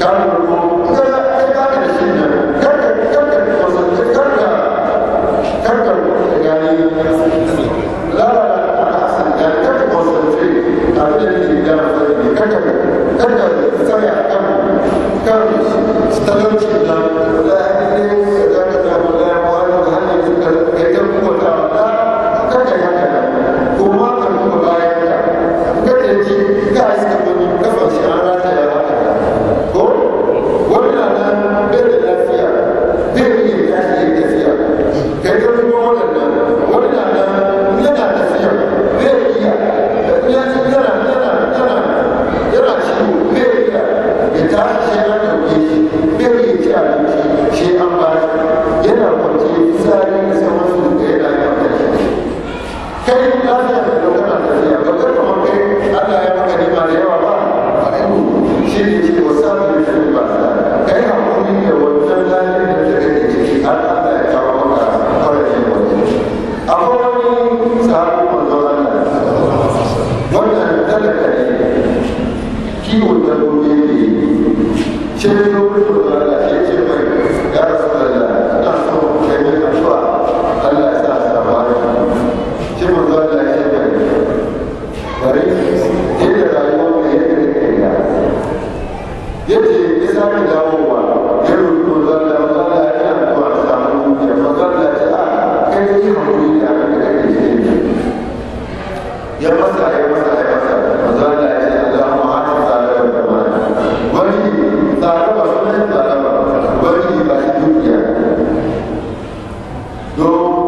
dann kiwon dabbobi yake ne ya zo da ya ce mai ya rasu da Yo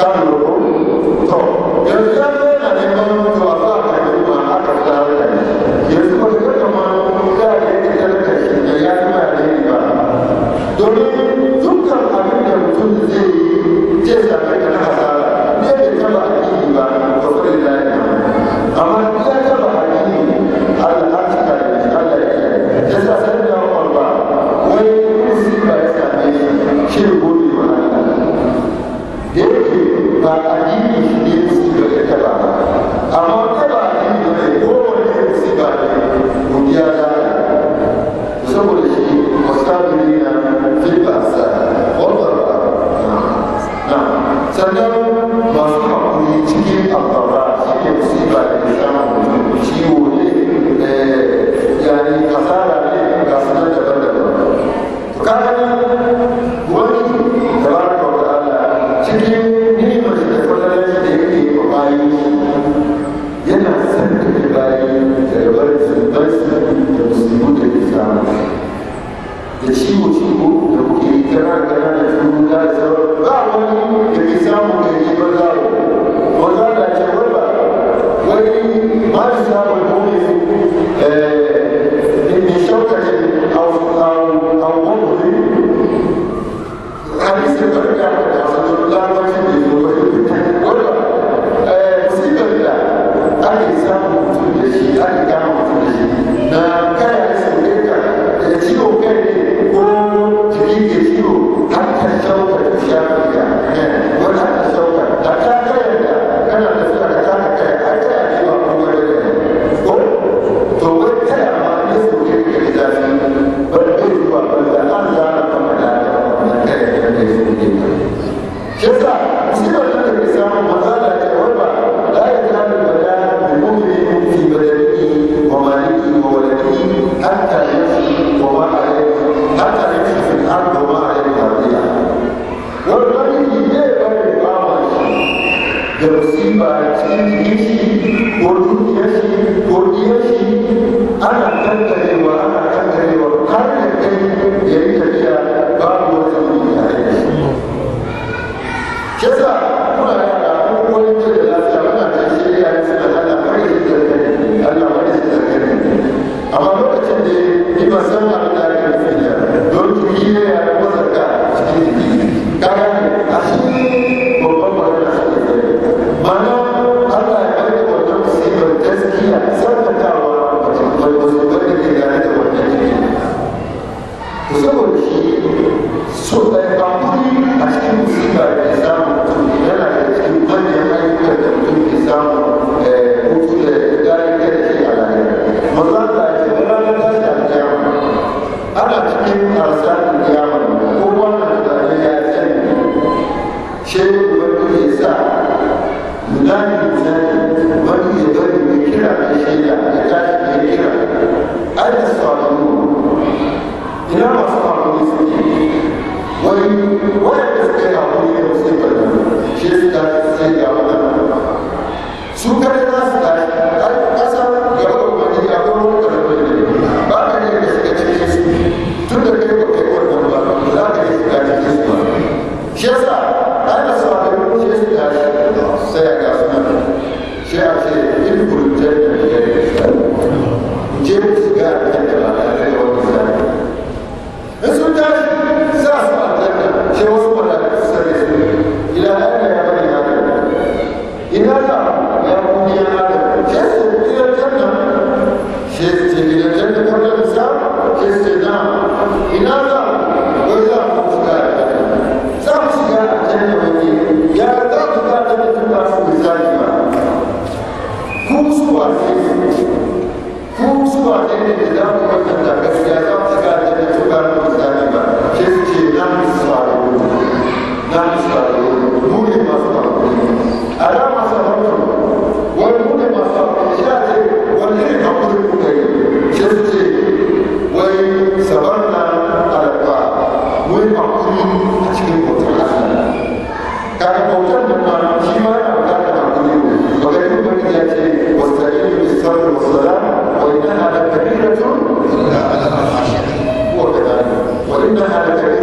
কারণ to have a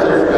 Master.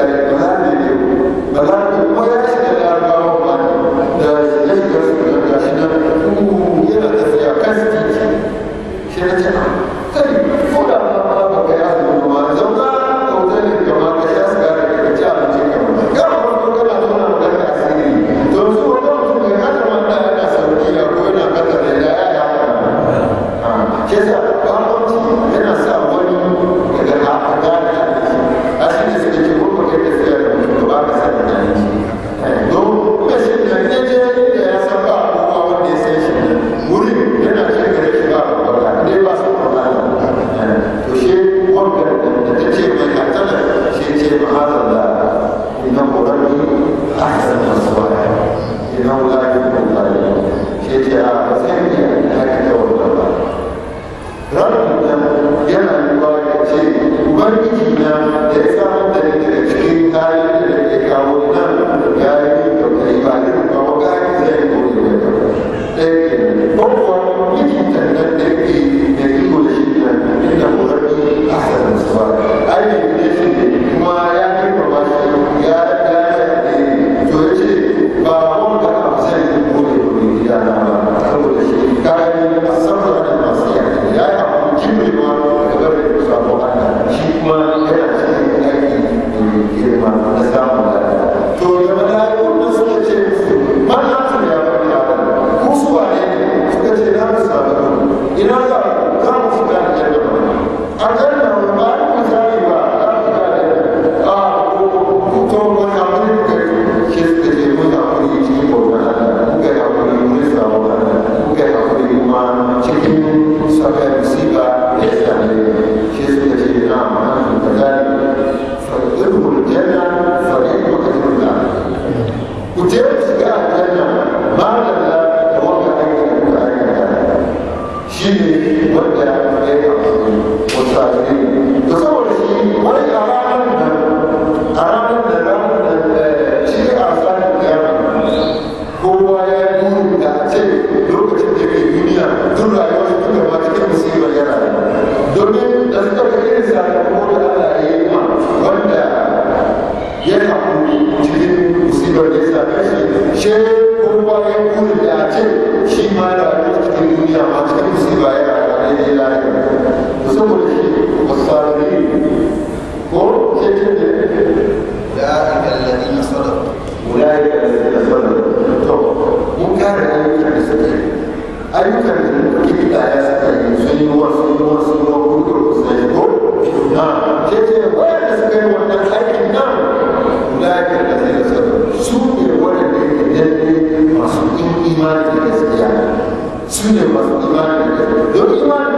罪をまず言われるよりる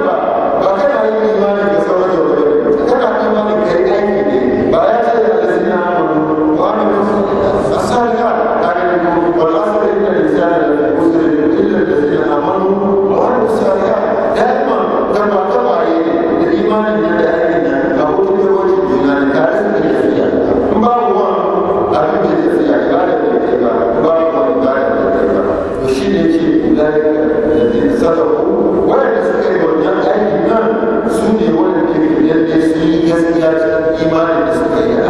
imani da suka yi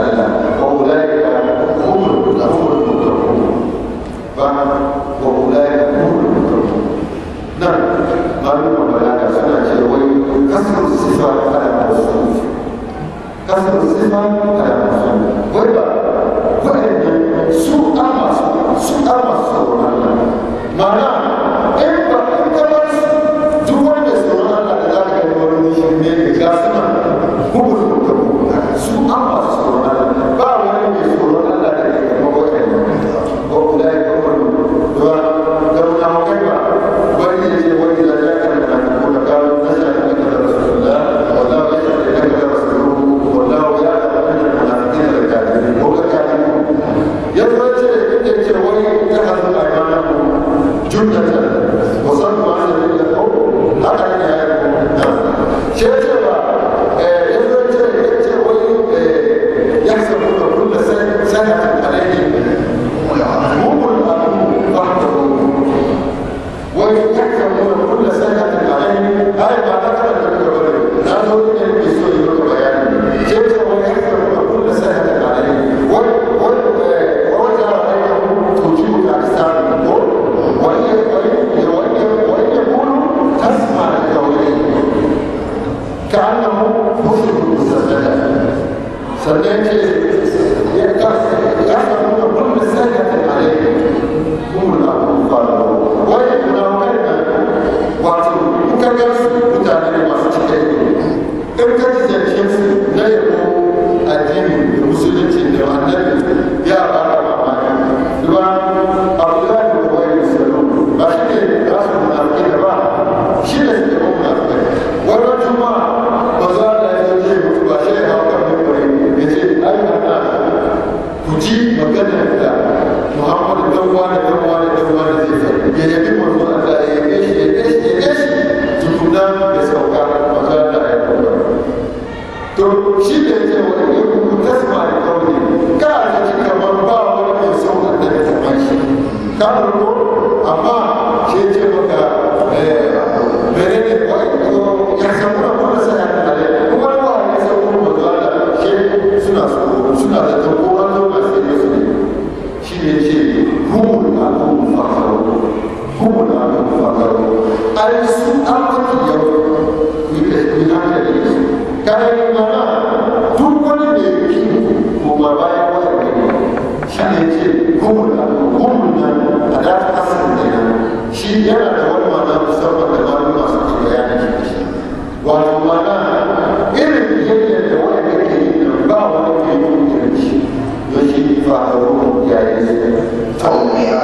told me